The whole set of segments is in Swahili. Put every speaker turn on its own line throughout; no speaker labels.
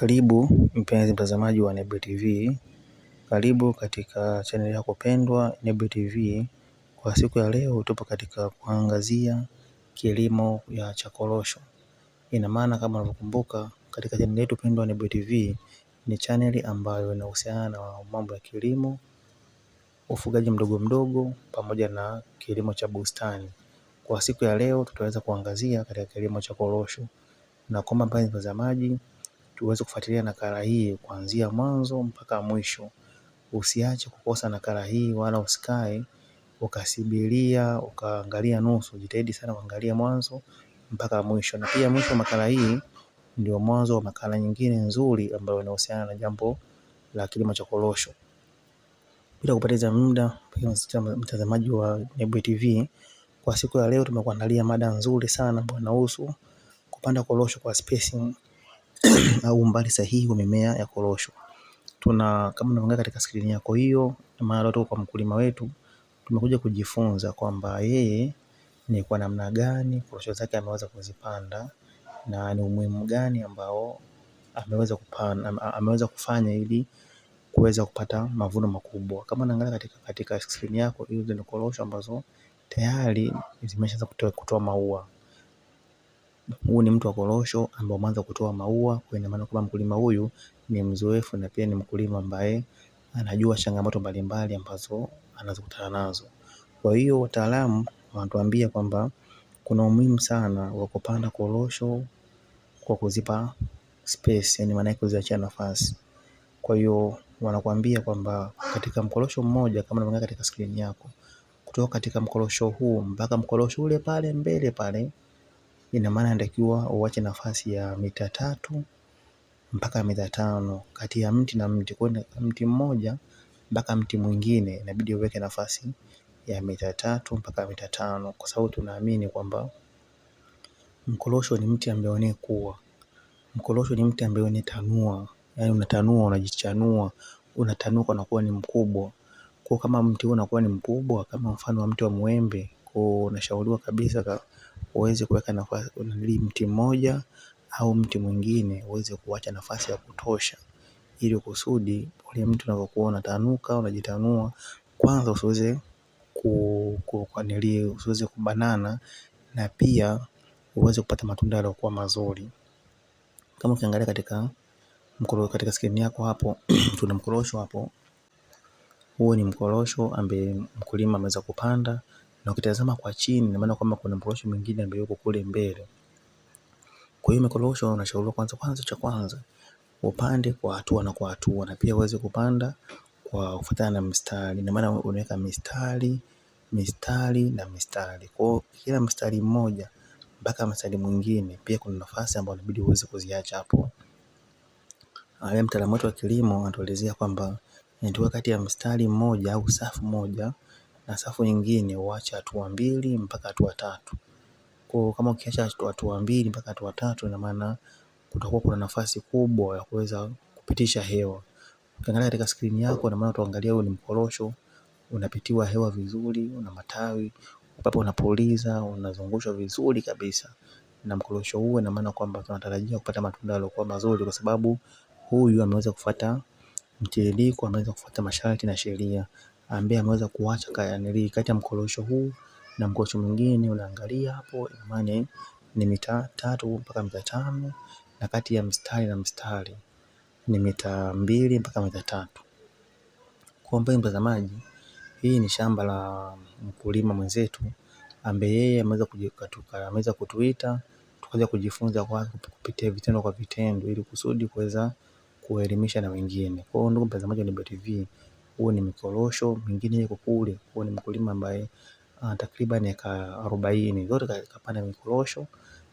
Karibu mpenzi mtazamaji wa Nebuye TV, karibu katika chaneli yako pendwa Nebuye TV. Kwa siku ya leo tupo katika kuangazia kilimo ya cha korosho. Ina maana kama unavyokumbuka katika chaneli yetu pendwa Nebuye TV ni chaneli ambayo inahusiana na mambo ya kilimo, ufugaji mdogo mdogo pamoja na kilimo cha bustani. Kwa siku ya leo tutaweza kuangazia katika kilimo cha korosho na kwamba mpenzi mtazamaji tuweze kufuatilia nakala hii kuanzia mwanzo mpaka mwisho. Usiache kukosa nakala hii wala usikae ukasibilia ukaangalia nusu. Jitahidi sana kuangalia mwanzo mpaka mwisho, na pia mwisho wa makala hii ndio mwanzo wa makala nyingine nzuri ambayo inahusiana na jambo la kilimo cha korosho. Bila kupoteza muda, mtazamaji wa Nebuye TV, kwa siku ya leo tumekuandalia mada nzuri sana ambayo inahusu kupanda korosho kwa spacing au umbali sahihi wa mimea ya korosho. Tuna kama unavyoangalia katika skrini yako hiyo, maana leo tuko kwa mkulima wetu, tumekuja kujifunza kwamba yeye ni kwa namna gani korosho zake ameweza kuzipanda na ni umuhimu gani ambao ameweza kupanda, ameweza kufanya ili kuweza kupata mavuno makubwa. Kama unaangalia katika, katika skrini yako hizo ni korosho ambazo tayari zimeshaanza kutoa, kutoa maua huu ni mti wa korosho ambao umeanza kutoa maua, kwa ina maana kwamba mkulima huyu ni mzoefu na pia ni mkulima ambaye anajua changamoto mbalimbali ambazo anazokutana nazo. Kwa hiyo wataalamu wanatuambia kwamba kuna umuhimu sana wa kupanda korosho kwa kuzipa space, yani maana yake kuziachia nafasi. Kwa hiyo wanakuambia kwamba katika mkorosho mmoja, kama unaangalia katika skrini yako, kutoka katika mkorosho huu mpaka mkorosho ule pale mbele pale ina maana inatakiwa uache nafasi ya mita tatu mpaka mita tano kati ya mti na mti. Kwa hiyo mti mmoja mpaka mti mwingine inabidi uweke nafasi ya mita tatu mpaka mita tano kwa sababu tunaamini kwamba mkorosho ni mti ambao unayekua. Mkorosho ni mti ambao unatanua, yaani unatanua, unajichanua, unatanuka unakuwa ni mkubwa. Kwa kama mti huu unakuwa ni mkubwa kama mfano wa mti wa mwembe, kwa unashauriwa kabisa uweze kuweka nafasi mti mmoja au mti mwingine uweze kuacha nafasi ya kutosha, ili kusudi ule mtu unavyokuwa unatanuka unajitanua, kwanza usiweze usiweze kubanana na pia uweze kupata matunda yaliyokuwa mazuri. Kama ukiangalia katika katika skrini yako hapo tuna mkorosho hapo, huo ni mkorosho ambaye mkulima ameweza kupanda na ukitazama kwa chini ina maana kwamba kuna mkorosho mwingine ambaye yuko kule mbele. Kwa hiyo mikorosho unashauriwa kwanza kwanza, cha kwanza upande kwa hatua na kwa hatua, na pia uweze kupanda kwa kufuatana na mstari. Ina maana unaweka mistari mistari na mistari, kwa kila mstari mmoja mpaka mstari mwingine, pia kuna nafasi ambayo inabidi uweze kuziacha hapo. Mtaalamu wetu wa kilimo anatuelezea kwamba inatakiwa kati ya mstari mmoja au safu moja na safu nyingine huacha hatua mbili mpaka hatua tatu. Kwa hiyo kama ukiacha hatua mbili mpaka hatua tatu, ina maana kutakuwa kuna nafasi kubwa ya kuweza kupitisha hewa. Ukiangalia katika skrini yako, ina maana utaangalia huo ni mkorosho, unapitiwa hewa vizuri, una matawi, upepo unapuliza, unazungushwa vizuri kabisa na mkorosho huo, ina maana kwamba tunatarajia kupata matunda yaliokuwa mazuri, kwa sababu huyu ameweza kufuata mtiririko, ameweza kufuata masharti na sheria ambaye ameweza kuacha kati ya mkorosho huu na mkorosho mwingine, unaangalia hapo imani ni mita tatu mpaka mita tano na kati ya mstari na mstari ni mita mbili mpaka mita tatu. Kwa mbali mtazamaji, hii ni shamba la mkulima mwenzetu ambaye yeye ameweza kutuita tukaweza kujifunza kwa kupitia vitendo kwa vitendo ili kusudi kuweza kuelimisha na wengine. Kwa hiyo ndugu mtazamaji wa Nebuye TV huo ni mikorosho, mingine iko kule, huo ni mkulima ambaye uh, takriban eka arobaini, zote kapanda mikorosho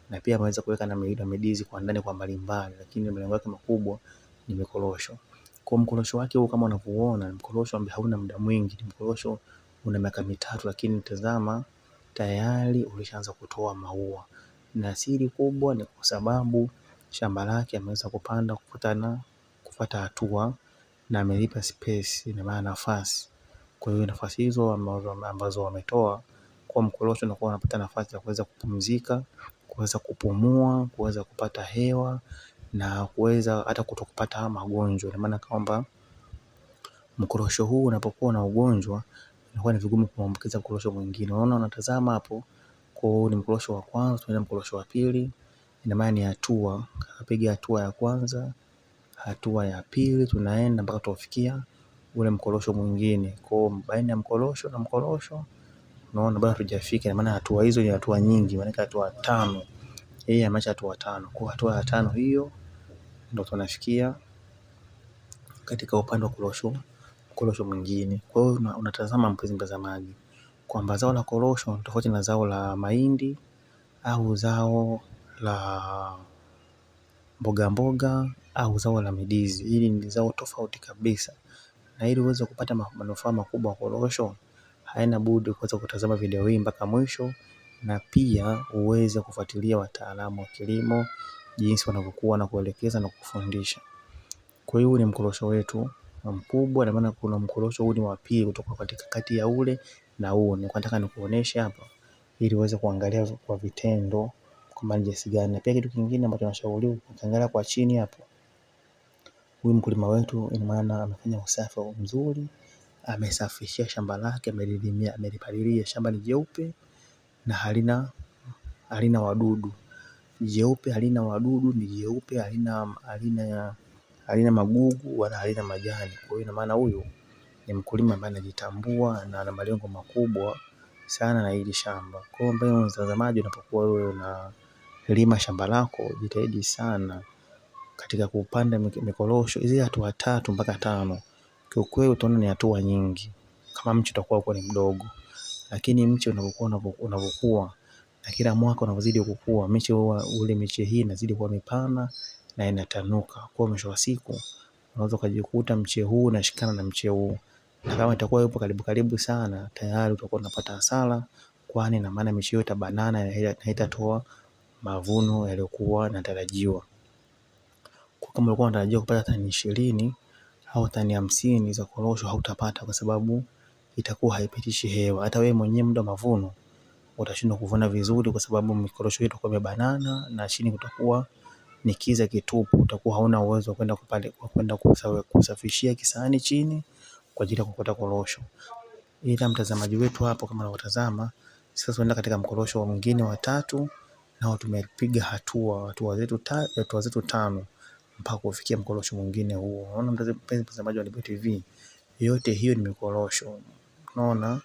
na pia ameweza kuweka na midizi kwa ndani kwa mbalimbali, lakini malengo yake makubwa ni mikorosho. Kwa mkorosho wake huu kama unavyoona, mkorosho ambaye hauna muda mwingi, mkorosho una miaka mitatu, lakini tazama tayari ulishaanza kutoa maua, na siri kubwa ni kwa sababu shamba lake ameweza kupanda kufuatana, kufuata hatua na amelipa space ina maana nafasi. Kwa hiyo nafasi hizo ambazo wametoa kwa mkorosho na kuwa nafasi ya kuweza kupumzika, kuweza kupumua, kuweza kupata hewa na kuweza hata kutokupata magonjwa. Ina maana kwamba mkorosho huu unapokuwa na ugonjwa inakuwa ni vigumu kumwambukiza mkorosho mwingine. Unaona unatazama hapo kwa ni mkorosho wa kwanza, tunaenda mkorosho wa pili. Ina maana ni hatua, kapiga hatua ya kwanza hatua ya pili tunaenda mpaka tunafikia ule mkorosho mwingine. Kwa hiyo baina ya mkorosho na mkorosho unaona bado hatujafika, maana hatua hizo ni hatua nyingi, maanake hatua tano. Yeye ameacha hatua tano. Kwa hatua ya tano hiyo ndio tunafikia katika upande wa korosho korosho mwingine. Kwa hiyo unatazama, mpenzi mtazamaji, kwamba zao la korosho tofauti na zao la mahindi au zao la mboga mboga au zao la midizi Hili ni zao tofauti kabisa na ili uweze kupata manufaa makubwa korosho, haina budi kuweza kutazama video hii mpaka mwisho na pia uweze kufuatilia wataalamu wa kilimo jinsi wanavyokuwa kuelekeza na kufundisha. Kwa hiyo ni mkorosho wetu mkubwa na maana kuna mkorosho huu ni wa pili kutoka katika kati ya ule na huu. Nataka nikuoneshe hapa ili uweze kuangalia kwa vitendo kwamba ni jinsi gani. Na pia kitu kingine ambacho nashauri ukiangalia kwa chini hapo, huyu mkulima wetu, ina maana amefanya usafi mzuri, amesafishia shamba lake, amelidhimia, amelipalilia. Shamba ni jeupe na halina halina wadudu, jeupe halina wadudu, ni jeupe halina halina halina magugu wala halina majani. Kwa hiyo ina maana huyu ni mkulima ambaye anajitambua na ana malengo makubwa sana na hili shamba. Kwa hiyo mpenzi mtazamaji, unapokuwa wewe una lima shamba lako, jitahidi sana katika kupanda mikorosho hizi hatua tatu mpaka tano, kiukweli utaona ni hatua nyingi, kama mche utakuwa uko ni mdogo, lakini mche unapokuwa unapokuwa na kila mwaka unavyozidi kukua miche huwa ule miche hii inazidi kuwa mipana na inatanuka, kwa mwisho wa siku unaweza ukajikuta mche huu unashikana na mche huu, na kama itakuwa yupo karibu karibu sana, tayari utakuwa unapata hasara, kwani na maana miche hiyo itabanana na haitatoa mavuno yaliyokuwa yanatarajiwa. Kwa kama ulikuwa unatarajia kupata tani ishirini au tani hamsini za korosho hautapata kwa sababu itakuwa haipitishi hewa. Hata wewe mwenyewe muda wa mavuno utashindwa kuvuna vizuri kwa sababu mikorosho hiyo itakuwa imebanana na chini kutakuwa ni kiza kitupu, utakuwa hauna uwezo wa kwenda kusafishia kisahani chini kwa ajili ya kuokota korosho. Ila mtazamaji wetu hapo kama unavyotazama sasa, tunaenda katika mkorosho mwingine wa tatu nao tumepiga hatua hatua zetu ta, hatua zetu tano mpaka kufikia mkorosho mwingine huo. Unaona mpenzi mtazamaji wa Nebuye TV, yote hiyo ni mikorosho. Unaona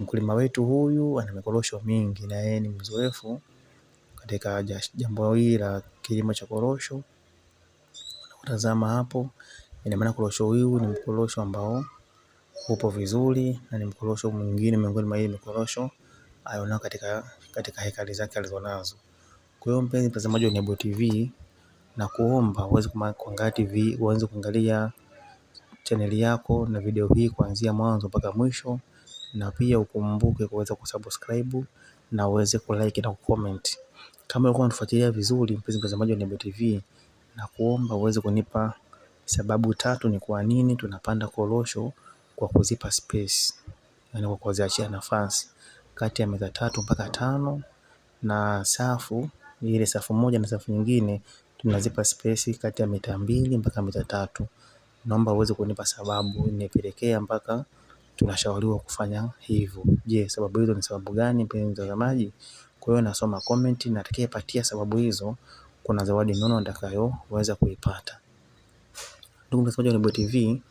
mkulima wetu huyu ana mikorosho mingi na yeye ni mzoefu katika jambo hili la kilimo cha korosho. Unatazama hapo, ina maana korosho huyu ni mkorosho ambao upo vizuri na ni mkorosho mwingine miongoni mwa hii mikorosho alionao katika, katika hekali zake alizonazo. Kwa hiyo mpenzi mtazamaji wa Nebuye TV, na kuomba uweze kuangalia TV, uanze kuangalia chaneli yako na video hii kuanzia mwanzo mpaka mwisho, na pia ukumbuke kuweza kusubscribe na uweze kulike na kucomment. Kama ulikuwa unatufuatilia vizuri, mpenzi mtazamaji wa Nebuye TV, na kuomba uweze kunipa sababu tatu ni kwa nini tunapanda korosho kwa kuzipa space, yani kwa kuziachia nafasi kati ya meza tatu mpaka tano na safu ile safu moja na safu nyingine tunazipa spesi kati ya mita mbili mpaka mita tatu. Naomba uweze kunipa sababu nipelekea mpaka tunashauriwa kufanya hivyo. Je, sababu hizo ni sababu gani mpenzi mtazamaji? Kwa hiyo nasoma comment na atakayepatia sababu hizo kuna zawadi nono atakayoweza kuipata. Ndugu mtazamaji wa Nebuye TV,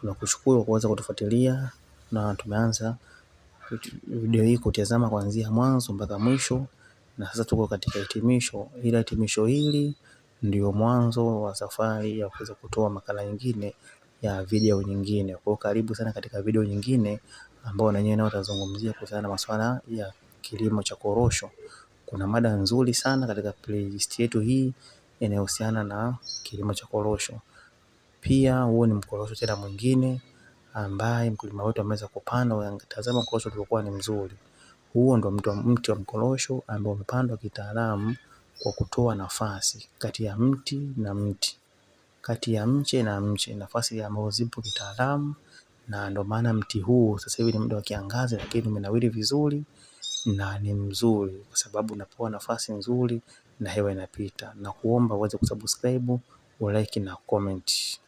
tunakushukuru kwa kuweza kutufuatilia na tumeanza video hii kutazama kuanzia mwanzo mpaka mwisho, na sasa tuko katika hitimisho, ila hitimisho hili ndio mwanzo wa safari ya kuweza kutoa makala nyingine ya video nyingine. Kwa karibu sana katika video nyingine ambao na nyewe nao utazungumzia kuhusiana na masuala ya kilimo cha korosho. Kuna mada nzuri sana katika playlist yetu hii inayohusiana na kilimo cha korosho. Pia huo ni mkorosho tena mwingine ambaye mkulima wetu ameweza kupanda unatazama korosho uliokuwa ni mzuri. Huo ndio mti wa mkorosho ambao umepandwa kitaalamu kwa kutoa nafasi kati ya mti na mti, kati ya mche na mche, nafasi ambazo zipo kitaalamu na ndio maana mti huu sasa hivi ni muda wa kiangazi lakini umenawiri vizuri na ni mzuri kwa sababu unapewa nafasi nzuri na hewa inapita. na kuomba uweze kusubscribe, ulike na comment.